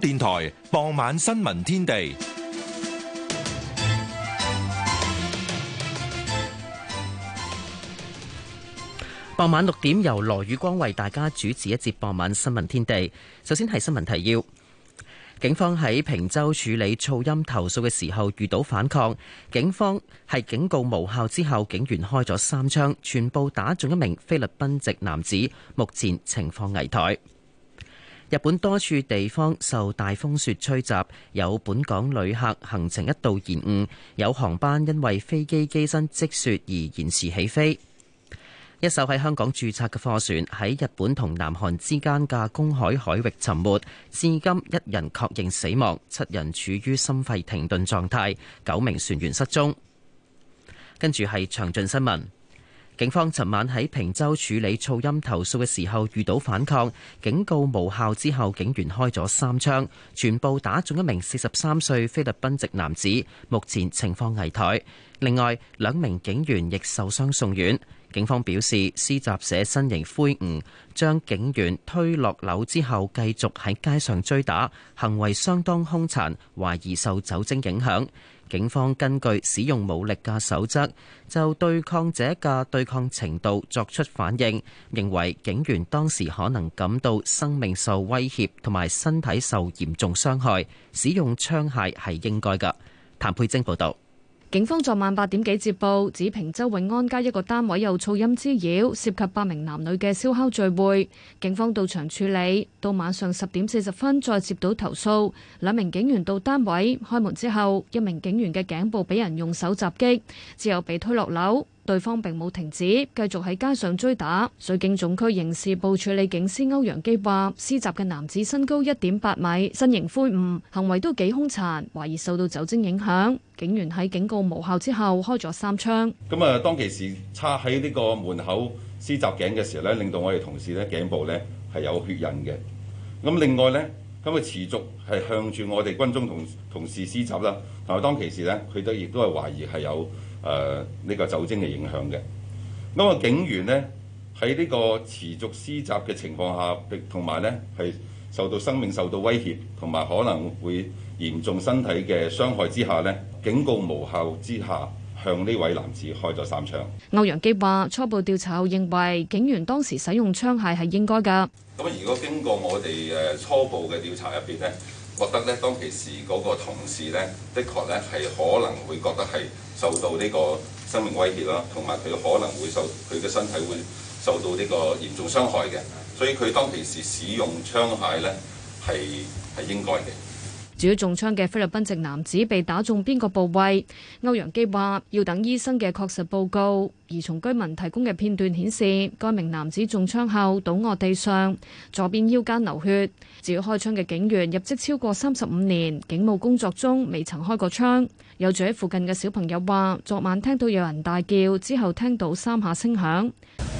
電台傍晚新聞天地。傍晚六點由羅宇光為大家主持一節傍晚新聞天地。首先係新聞提要：警方喺坪洲處理噪音投訴嘅時候遇到反抗，警方係警告無效之後，警員開咗三槍，全部打中一名菲律賓籍男子，目前情況危殆。日本多處地方受大風雪吹襲，有本港旅客行程一度延誤，有航班因為飛機機身積雪而延遲起飛。一艘喺香港注冊嘅貨船喺日本同南韓之間嘅公海海域沉沒，至今一人確認死亡，七人處於心肺停頓狀態，九名船員失蹤。跟住係詳盡新聞。警方尋晚喺坪洲處理噪音投訴嘅時候遇到反抗，警告無效之後，警員開咗三槍，全部打中一名四十三歲菲律賓籍男子，目前情況危殆。另外兩名警員亦受傷送院。警方表示，施襲者身形魁梧，將警員推落樓之後，繼續喺街上追打，行為相當凶殘，懷疑受酒精影響。警方根據使用武力嘅守則，就對抗者嘅對抗程度作出反應，認為警員當時可能感到生命受威脅同埋身體受嚴重傷害，使用槍械係應該㗎。譚佩晶報道。警方昨晚八點幾接報，指坪洲永安街一個單位有噪音滋擾，涉及八名男女嘅燒烤聚會。警方到場處理，到晚上十點四十分再接到投訴，兩名警員到單位，開門之後，一名警員嘅頸部俾人用手襲擊，之後被推落樓。對方並冇停止，繼續喺街上追打。水警總區刑事部處理警司歐陽基話，施襲嘅男子身高一點八米，身形灰梧，行為都幾兇殘，懷疑受到酒精影響。警員喺警告無效之後，開咗三槍。咁啊，當其時插喺呢個門口施襲頸嘅時候呢，令到我哋同事呢頸部呢係有血印嘅。咁另外呢，咁佢持續係向住我哋軍中同同事施襲啦。但係當其時呢，佢都亦都係懷疑係有。誒呢、呃這個酒精嘅影響嘅，咁啊，警員呢喺呢個持續施襲嘅情況下，同埋呢係受到生命受到威脅，同埋可能會嚴重身體嘅傷害之下呢，警告無效之下，向呢位男子開咗三槍。歐陽基話：初步調查後認為警員當時使用槍械係應該㗎。咁、呃、如果經過我哋誒初步嘅調查入邊呢，覺得呢，當其時嗰個同事呢，的確呢係可能會覺得係受到呢個生命威脅啦，同埋佢可能會受佢嘅身體會受到呢個嚴重傷害嘅，所以佢當其時使用槍械呢，係係應該嘅。至於中槍嘅菲律賓籍男子被打中邊個部位？歐陽基話要等醫生嘅確實報告。而從居民提供嘅片段顯示，該名男子中槍後倒卧地上，左邊腰間流血。至於開槍嘅警員，入職超過三十五年，警務工作中未曾開過槍。有住喺附近嘅小朋友話，昨晚聽到有人大叫，之後聽到三下聲響，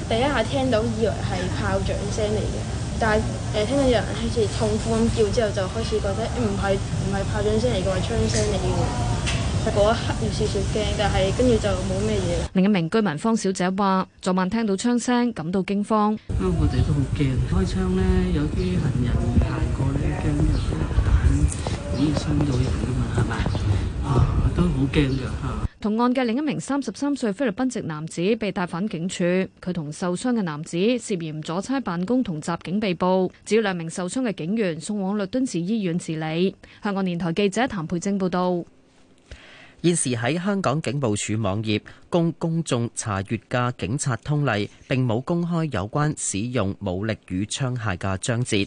第一下聽到以為係炮仗聲嚟嘅。但係誒、呃、聽到有人開始痛苦咁叫之後，就開始覺得唔係唔係炮仗聲嚟嘅，係槍聲嚟嘅。就嗰一刻有少少驚，但係跟住就冇咩嘢。另一名居民方小姐話，昨晚聽到槍聲，感到驚慌。我哋都好驚，開槍咧有啲行人行過咧，驚有啲彈已經傷到人㗎嘛係咪？啊，都好驚㗎嚇。同案嘅另一名三十三歲菲律賓籍男子被帶返警署，佢同受傷嘅男子涉嫌阻差辦公同襲警被捕，至於兩名受傷嘅警員送往律敦治醫院治理。香港電台記者譚佩晶報道。現時喺香港警務處網頁供公眾查閱嘅警察通例，並冇公開有關使用武力與槍械嘅章節。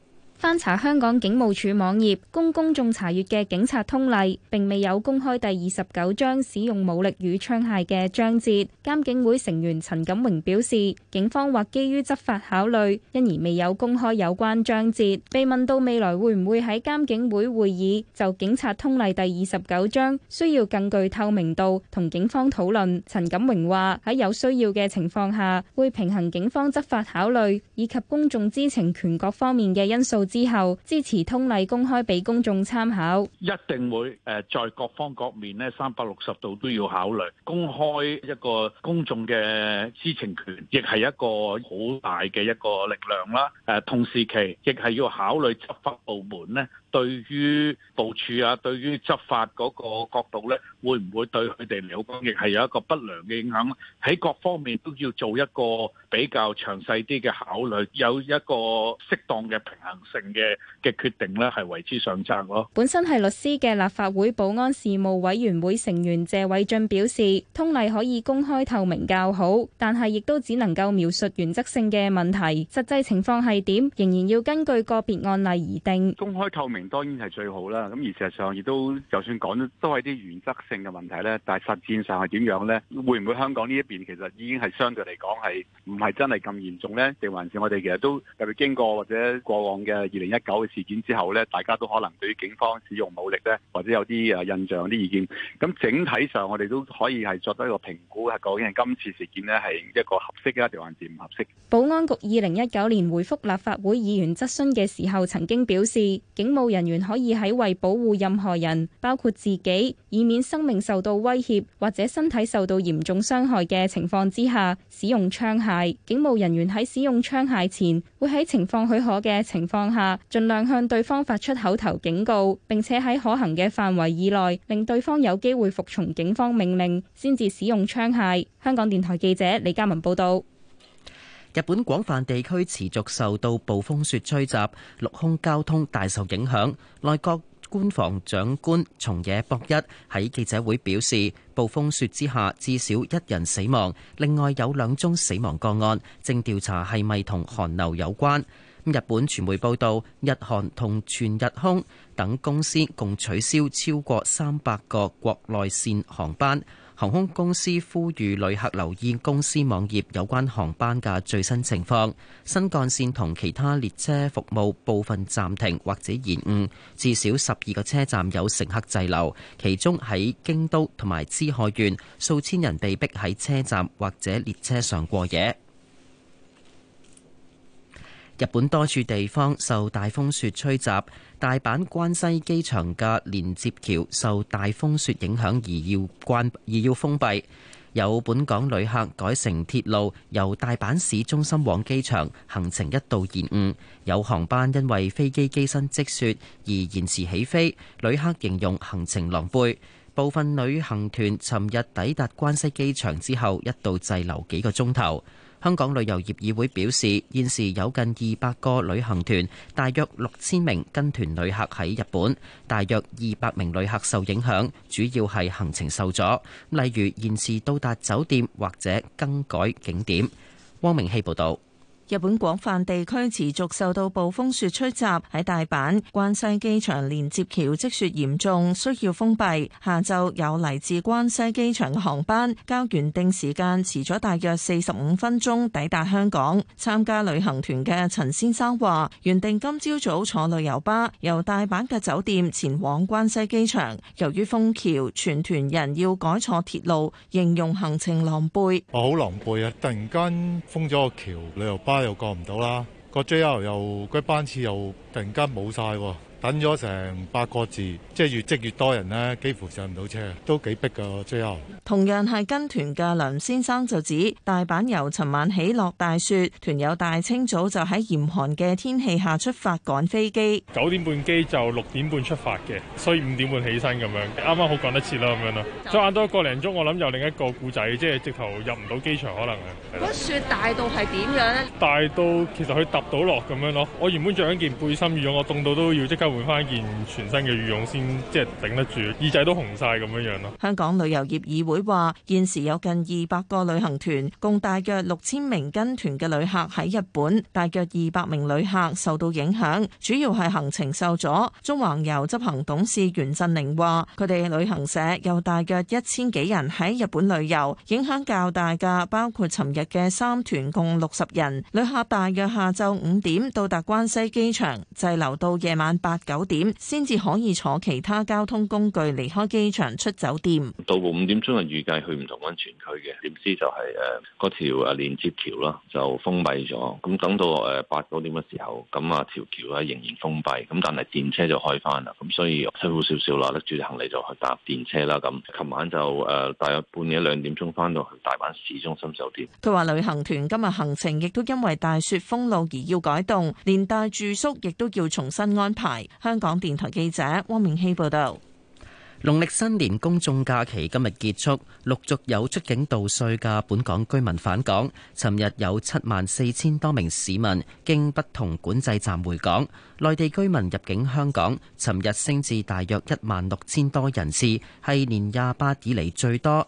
翻查香港警務處網頁，供公眾查閱嘅警察通例，並未有公開第二十九章使用武力與槍械嘅章節。監警會成員陳錦榮表示，警方或基於執法考慮，因而未有公開有關章節。被問到未來會唔會喺監警會會議就警察通例第二十九章需要更具透明度同警方討論，陳錦榮話喺有需要嘅情況下，會平衡警方執法考慮以及公眾知情權各方面嘅因素。之後支持通例公開俾公眾參考，一定會誒，在各方各面呢，三百六十度都要考慮，公開一個公眾嘅知情權，亦係一個好大嘅一個力量啦。誒、啊、同時期亦係要考慮執法部門呢。對於部署啊，對於執法嗰個角度咧，會唔會對佢哋嚟講亦係有一個不良嘅影響？喺各方面都要做一個比較詳細啲嘅考慮，有一個適當嘅平衡性嘅嘅決定咧，係為之上策咯。本身係律師嘅立法會保安事務委員會成員謝偉俊表示，通例可以公開透明較好，但係亦都只能夠描述原則性嘅問題，實際情況係點，仍然要根據個別案例而定。公開透明。當然係最好啦。咁而事實上，亦都就算講都係啲原則性嘅問題咧，但係實踐上係點樣咧？會唔會香港呢一邊其實已經係相對嚟講係唔係真係咁嚴重咧？定還是我哋其實都特別經過或者過往嘅二零一九嘅事件之後咧，大家都可能對於警方使用武力咧，或者有啲誒印象、啲意見。咁整體上，我哋都可以係作一個評估，係究竟係今次事件呢係一個合適嘅，定還是唔合適？保安局二零一九年回覆立法會議員質詢嘅時候，曾經表示警務。人員可以喺為保護任何人，包括自己，以免生命受到威脅或者身體受到嚴重傷害嘅情況之下使用槍械。警務人員喺使用槍械前，會喺情況許可嘅情況下，盡量向對方發出口頭警告，並且喺可行嘅範圍以內，令對方有機會服從警方命令，先至使用槍械。香港電台記者李嘉文報道。日本廣泛地區持續受到暴風雪吹襲，陸空交通大受影響。內閣官房長官松野博一喺記者會表示，暴風雪之下至少一人死亡，另外有兩宗死亡個案正調查係咪同寒流有關。日本傳媒報道，日航同全日空等公司共取消超過三百個國內線航班。航空公司呼籲旅客留意公司網頁有關航班嘅最新情況。新幹線同其他列車服務部分暫停或者延誤，至少十二個車站有乘客滯留，其中喺京都同埋滋害縣滋賀縣，數千人被逼喺車站或者列車上過夜。日本多處地方受大風雪吹襲，大阪關西機場嘅連接橋受大風雪影響而要關而要封閉，有本港旅客改乘鐵路由大阪市中心往機場，行程一度延誤。有航班因為飛機機身積雪而延遲起飛，旅客形容行程狼狽。部分旅行團尋日抵達關西機場之後，一度滯留幾個鐘頭。香港旅遊業議會表示，現時有近二百個旅行團，大約六千名跟團旅客喺日本，大約二百名旅客受影響，主要係行程受阻，例如延遲到達酒店或者更改景點。汪明希報導。日本廣泛地區持續受到暴風雪吹襲，喺大阪關西機場連接橋積雪嚴重，需要封閉。下晝有嚟自關西機場嘅航班，較原定時間遲咗大約四十五分鐘抵達香港。參加旅行團嘅陳先生話：原定今朝早坐旅遊巴由大阪嘅酒店前往關西機場，由於封橋，全團人要改坐鐵路，形容行程狼狽。我好狼狽啊！突然間封咗個橋，旅遊巴。又過唔到啦，個 J L 又個班次又突然間冇晒喎。等咗成八個字，即係越積越多人咧，幾乎上唔到車，都幾逼噶。最後，同樣係跟團嘅梁先生就指，大阪由尋晚起落大雪，團友大清早就喺嚴寒嘅天氣下出發趕飛機。九點半機就六點半出發嘅，所以五點半起身咁樣，啱啱好趕得切啦咁樣咯。再晏多一個零鐘，我諗又另一個故仔，即係直頭入唔到機場可能啊。嗰雪大到係點樣咧？大到其實佢揼到落咁樣咯。我原本着一件背心羽絨，我凍到都要即刻，換翻件全新嘅羽絨先，即係頂得住，耳仔都紅晒咁樣樣咯。香港旅遊業議會話，現時有近二百個旅行團，共大約六千名跟團嘅旅客喺日本，大約二百名旅客受到影響，主要係行程受阻。中環遊執行董事袁振寧話，佢哋旅行社有大約一千幾人喺日本旅遊，影響較大嘅包括尋日嘅三團共，共六十人。旅客大約下晝五點到達關西機場，滯留到夜晚八。九點先至可以坐其他交通工具離開機場出酒店。到五點鐘，係預計去唔同安全區嘅，點知就係誒個條誒連接橋啦就封閉咗。咁等到誒八九點嘅時候，咁啊條橋咧仍然封閉，咁但係電車就開翻啦。咁所以辛苦少少啦，拎住行李就去搭電車啦。咁琴晚就誒大約半夜兩點鐘翻到去大阪市中心酒店。佢話旅行團今日行程亦都因為大雪封路而要改動，連帶住宿亦都要重新安排。香港電台記者汪明希報道：農曆新年公眾假期今日結束，陸續有出境度歲嘅本港居民返港。尋日有七萬四千多名市民經不同管制站回港，內地居民入境香港尋日升至大約一萬六千多人次，係年廿八以嚟最多。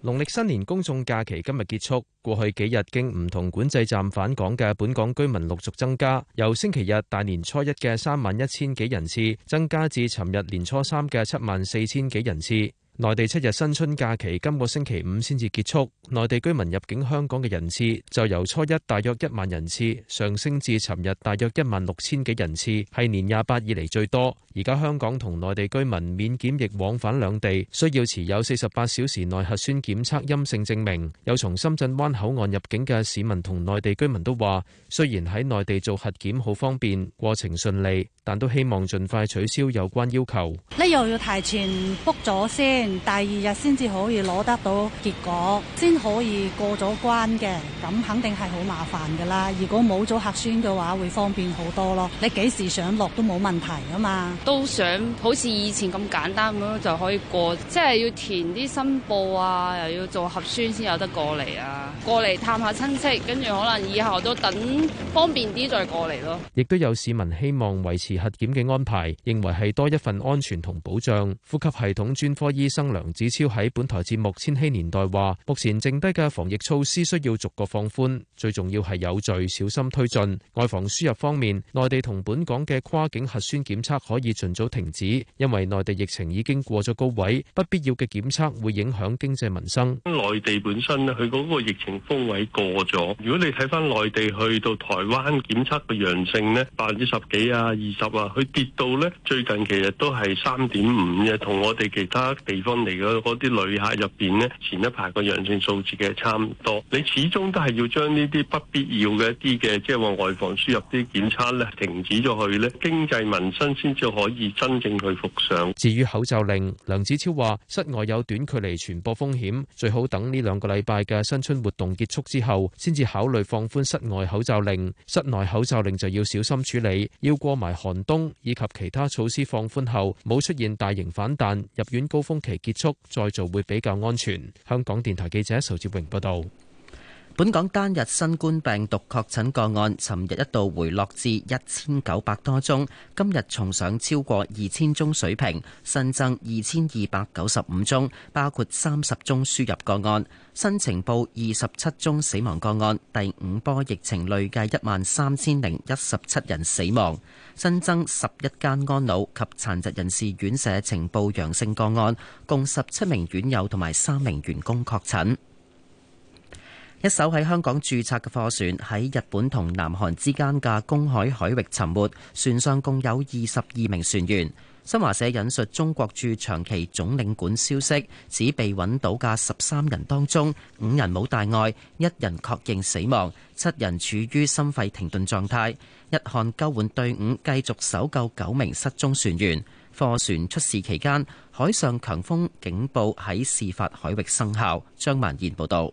農曆新年公眾假期，今日結束，過去幾日經唔同管制站返港嘅本港居民陸續增加，由星期日大年初一嘅三萬一千幾人次，增加至尋日年初三嘅七萬四千幾人次。內地七日新春假期今個星期五先至結束，內地居民入境香港嘅人次就由初一大約一萬人次上升至尋日大約一萬六千幾人次，係年廿八以嚟最多。而家香港同內地居民免檢疫往返兩地，需要持有四十八小時內核酸檢測陰性證明。有從深圳灣口岸入境嘅市民同內地居民都話，雖然喺內地做核檢好方便，過程順利，但都希望盡快取消有關要求。你又要提前 book 咗先？第二日先至可以攞得到結果，先可以過咗關嘅，咁肯定係好麻煩噶啦。如果冇咗核酸嘅話，會方便好多咯。你幾時想落都冇問題啊嘛。都想好似以前咁簡單咁樣就可以過，即係要填啲申報啊，又要做核酸先有得過嚟啊。過嚟探下親戚，跟住可能以後都等方便啲再過嚟咯。亦都有市民希望維持核檢嘅安排，認為係多一份安全同保障。呼吸系統專科醫生。生梁子超喺本台節目《千禧年代》話：目前剩低嘅防疫措施需要逐個放寬，最重要係有序、小心推進。外防輸入方面，內地同本港嘅跨境核酸檢測可以盡早停止，因為內地疫情已經過咗高位，不必要嘅檢測會影響經濟民生。內地本身咧，佢嗰個疫情峰位過咗。如果你睇翻內地去到台灣檢測嘅陽性咧，百分之十幾啊、二十啊，佢跌到咧最近其實都係三點五嘅，同我哋其他地方，翻嚟嘅嗰啲旅客入邊咧，前一排個陽性數字嘅差唔多，你始終都係要將呢啲不必要嘅一啲嘅，即係話外防輸入啲檢測咧，停止咗去咧，經濟民生先至可以真正去服上。至於口罩令，梁子超話，室外有短距離傳播風險，最好等呢兩個禮拜嘅新春活動結束之後，先至考慮放寬室外口罩令。室內口罩令就要小心處理，要過埋寒冬，以及其他措施放寬後，冇出現大型反彈入院高峰。期結束再做會比較安全。香港電台記者仇志榮報道。本港單日新冠病毒確診個案，尋日一度回落至一千九百多宗，今日重上超過二千宗水平，新增二千二百九十五宗，包括三十宗輸入個案。新呈報二十七宗死亡個案，第五波疫情累計一萬三千零一十七人死亡，新增十一間安老及殘疾人士院舍呈報陽性個案，共十七名院友同埋三名員工確診。一艘喺香港註冊嘅貨船喺日本同南韓之間嘅公海海域沉沒，船上共有二十二名船員。新華社引述中國駐長期總領館消息，指被揾到嘅十三人當中，五人冇大礙，一人確認死亡，七人處於心肺停頓狀態。日韓救援隊伍繼續搜救九名失蹤船員。貨船出事期間，海上強風警報喺事發海域生效。張曼燕報導。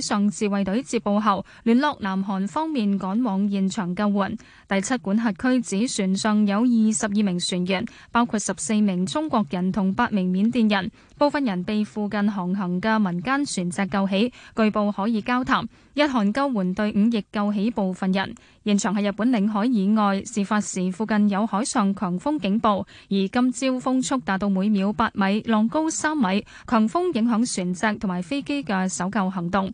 上自衛隊接報後，聯絡南韓方面趕往現場救援。第七管轄區指船上有二十二名船員，包括十四名中國人同八名緬甸人，部分人被附近航行嘅民間船隻救起，據報可以交談。日韓救援隊伍亦救起部分人。現場係日本領海以外，事發時附近有海上強風警報，而今朝風速達到每秒八米，浪高三米，強風影響船隻同埋飛機嘅搜救行動。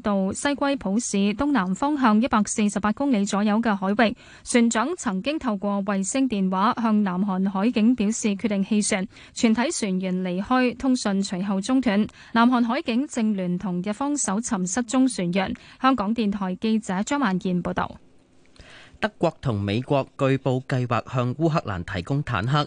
到西歸浦市東南方向一百四十八公里左右嘅海域，船長曾經透過衛星電話向南韓海警表示決定棄船，全體船員離開，通訊隨後中斷。南韓海警正聯同日方搜尋失蹤船員。香港電台記者張萬健報道。德國同美國據報計劃向烏克蘭提供坦克。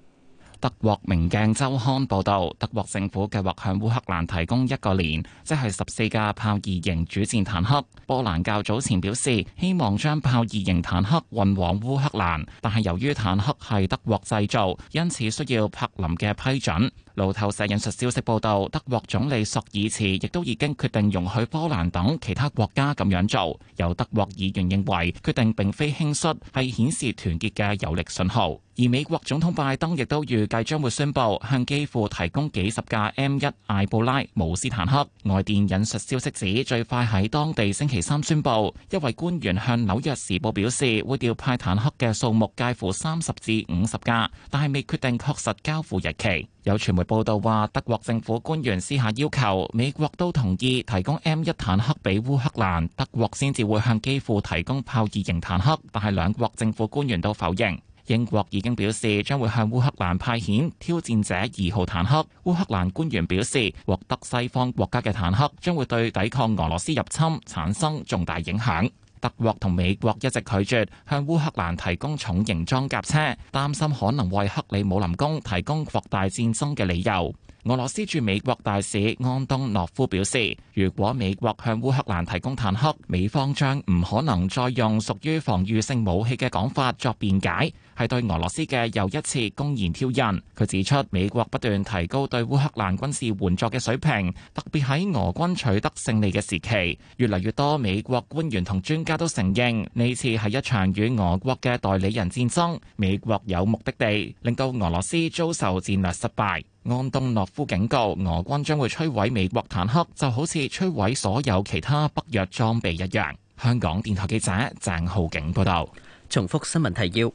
德國明鏡周刊報道，德國政府計劃向烏克蘭提供一個連，即係十四架豹二型主戰坦克。波蘭較早前表示，希望將豹二型坦克運往烏克蘭，但係由於坦克係德國製造，因此需要柏林嘅批准。路透社引述消息報道，德國總理索爾茨亦都已經決定容許波蘭等其他國家咁樣做。由德國議員認為決定並非輕率，係顯示團結嘅有力信號，而美國總統拜登亦都預計將會宣佈向基庫提供幾十架 M 一埃布拉姆斯坦克。外電引述消息指，最快喺當地星期三宣佈。一位官員向紐約時報表示，會調派坦克嘅數目介乎三十至五十架，但係未決定確實交付日期。有傳媒報道話，德國政府官員私下要求美國都同意提供 M 一坦克俾烏克蘭，德國先至會向基輔提供豹二型坦克，但係兩國政府官員都否認。英國已經表示將會向烏克蘭派遣挑戰者二號坦克。烏克蘭官員表示，獲得西方國家嘅坦克，將會對抵抗俄羅斯入侵產生重大影響。德國同美國一直拒絕向烏克蘭提供重型裝甲車，擔心可能為克里姆林宮提供擴大戰爭嘅理由。俄羅斯駐美國大使安東諾夫表示，如果美國向烏克蘭提供坦克，美方將唔可能再用屬於防禦性武器嘅講法作辯解，係對俄羅斯嘅又一次公然挑釁。佢指出，美國不斷提高對烏克蘭軍事援助嘅水平，特別喺俄軍取得勝利嘅時期，越嚟越多美國官員同專家都承認，呢次係一場與俄國嘅代理人戰爭，美國有目的地令到俄羅斯遭受戰略失敗。安東諾夫警告俄軍將會摧毀美國坦克，就好似摧毀所有其他北約裝備一樣。香港電台記者鄭浩景報道。重複新聞提要：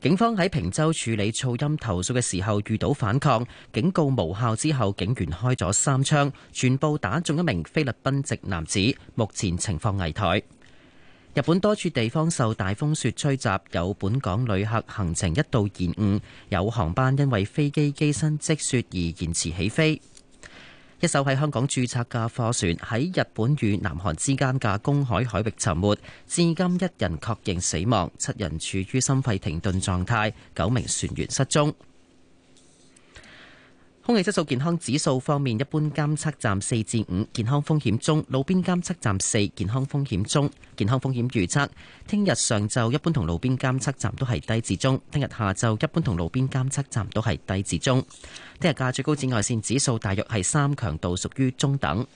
警方喺坪洲處理噪音投訴嘅時候遇到反抗，警告無效之後，警員開咗三槍，全部打中一名菲律賓籍男子，目前情況危殆。日本多處地方受大風雪吹襲，有本港旅客行程一度延誤，有航班因為飛機機身積雪而延遲起飛。一艘喺香港註冊嘅貨船喺日本與南韓之間嘅公海海域沉沒，至今一人確認死亡，七人處於心肺停頓狀態，九名船員失蹤。空氣質素健康指數方面，一般監測站四至五，健康風險中；路邊監測站四，健康風險中。健康風險預測：聽日上晝一般同路邊監測站都係低至中；聽日下晝一般同路邊監測站都係低至中。聽日嘅最高紫外線指數大約係三，強度屬於中等。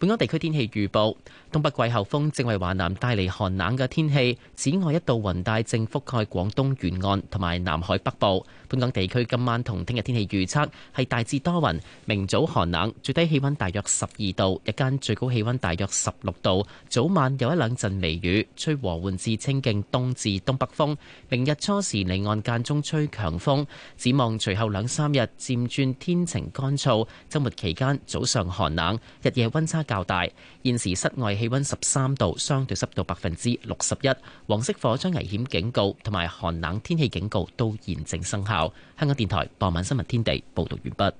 本港地區天氣預報。東北季候風正為華南帶嚟寒冷嘅天氣，此外一道雲帶正覆蓋廣東沿岸同埋南海北部。本港地區今晚同聽日天氣預測係大致多雲，明早寒冷，最低氣溫大約十二度，日間最高氣溫大約十六度。早晚有一兩陣微雨，吹和緩至清勁東至東北風。明日初時離岸間中吹強風，展望隨後兩三日漸轉天晴乾燥。周末期間早上寒冷，日夜溫差較大。現時室外氣溫十三度，相對濕度百分之六十一。黃色火災危險警告同埋寒冷天氣警告都現正生效。香港電台傍晚新聞天地報道完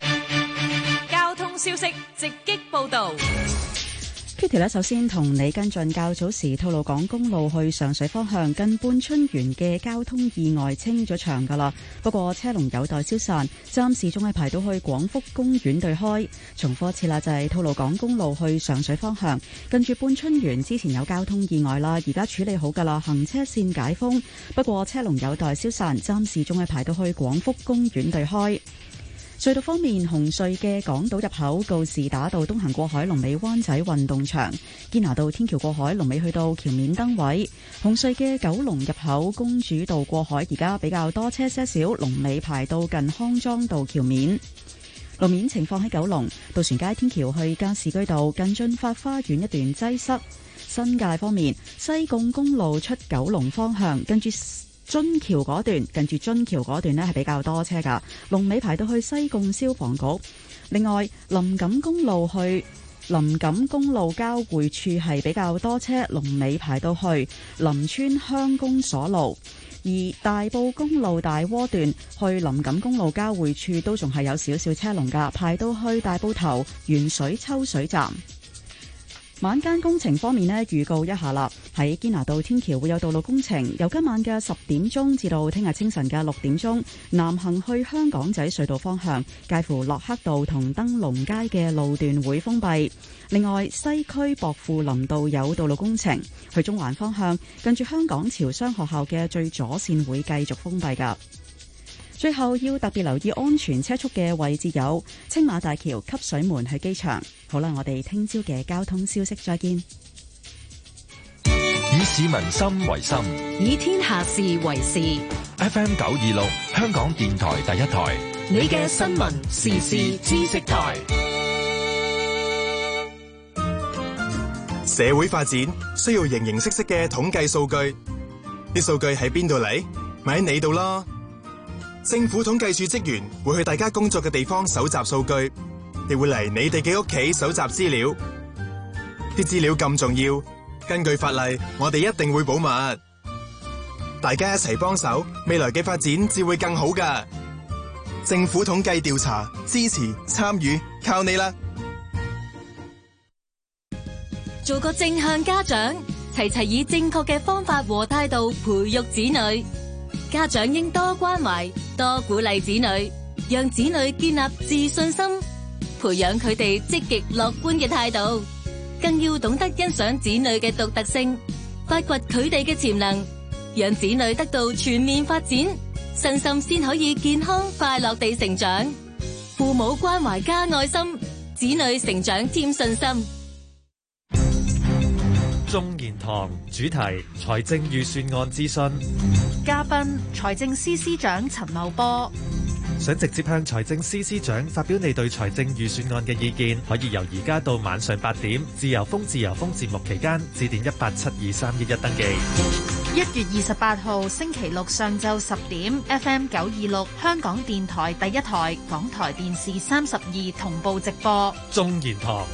畢。交通消息直擊報道。Kitty 咧，Katie，首先同你跟進較早時吐露港公路去上水方向近半春園嘅交通意外清咗場噶啦，不過車龍有待消散，暫時仲係排到去廣福公園對開。重複一次啦，就係吐露港公路去上水方向近住半春園，就是、之前有交通意外啦，而家處理好噶啦，行車線解封，不過車龍有待消散，暫時仲係排到去廣福公園對開。隧道方面，紅隧嘅港島入口告士打道東行過海，龍尾灣仔運動場堅拿道天橋過海，龍尾去到橋面燈位。紅隧嘅九龍入口公主道過海，而家比較多車些少，龍尾排到近康莊道橋面。路面情況喺九龍渡船街天橋去加士居道近駿發花園一段擠塞。新界方面，西貢公路出九龍方向跟住津橋嗰段，近住津橋嗰段呢係比較多車噶，龍尾排到去西貢消防局。另外，林錦公路去林錦公路交匯處係比較多車，龍尾排到去林村鄉公所路。而大埔公路大窩段去林錦公路交匯處都仲係有少少車龍噶，排到去大埔頭原水抽水站。晚間工程方面呢，預告一下啦。喺堅拿道天橋會有道路工程，由今晚嘅十點鐘至到聽日清晨嘅六點鐘，南行去香港仔隧道方向，介乎洛克道同登龍街嘅路段會封閉。另外，西區薄扶林道有道路工程，去中環方向近住香港潮商學校嘅最左綫會繼續封閉噶。最後要特別留意安全車速嘅位置有青馬大橋、汲水門去機場。好啦，我哋聽朝嘅交通消息再見。以市民心為心，以天下事為事。F M 九二六，香港電台第一台。你嘅新聞時事知識台。社會發展需要形形色色嘅統計數據，啲數據喺邊度嚟？咪喺你度咯。政府統計處職員會去大家工作嘅地方搜集數據，亦會嚟你哋嘅屋企搜集資料。啲資料咁重要，根據法例，我哋一定會保密。大家一齊幫手，未來嘅發展至會更好噶。政府統計調查支持參與，靠你啦！做個正向家長，齊齊以正確嘅方法和態度培育子女。家長應多關懷。多鼓勵子女，讓子女建立自信心，培養佢哋積極樂觀嘅態度，更要懂得欣賞子女嘅獨特性，發掘佢哋嘅潛能，讓子女得到全面發展，身心先可以健康快樂地成長。父母關懷加愛心，子女成長添信心。眾言堂，主題，財政預算案諮詢，嘉賓，財政司司長陳茂波。想直接向財政司司長發表你對財政預算案嘅意見，可以由而家到晚上八點自由風自由風節目期間致電一八七二三一一登記。一月二十八號星期六上晝十點，FM 九二六香港電台第一台，港台電視三十二同步直播眾言堂。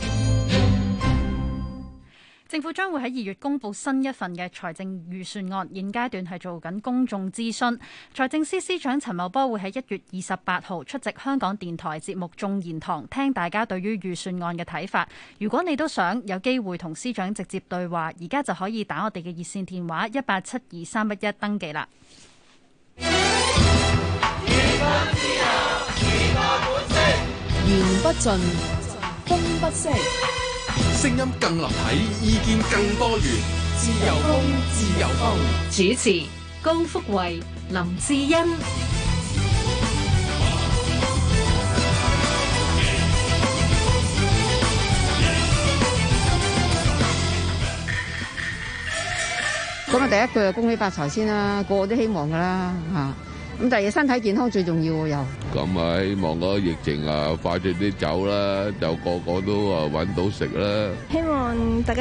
政府將會喺二月公布新一份嘅財政預算案，現階段係做緊公眾諮詢。財政司司長陳茂波會喺一月二十八號出席香港電台節目《眾言堂》，聽大家對於預算案嘅睇法。如果你都想有機會同司長直接對話，而家就可以打我哋嘅熱線電話一八七二三一一登記啦。聲音更立體，意見更多元，自由風，自由風。主持：高福慧、林志恩。講。咁啊，第一句啊，恭喜發財先啦，個個都希望噶啦吓。咁第二，身體健康最重要喎又。咁啊，希望個疫情啊，快脆啲走啦，就個個都啊揾到食啦。希望大家都～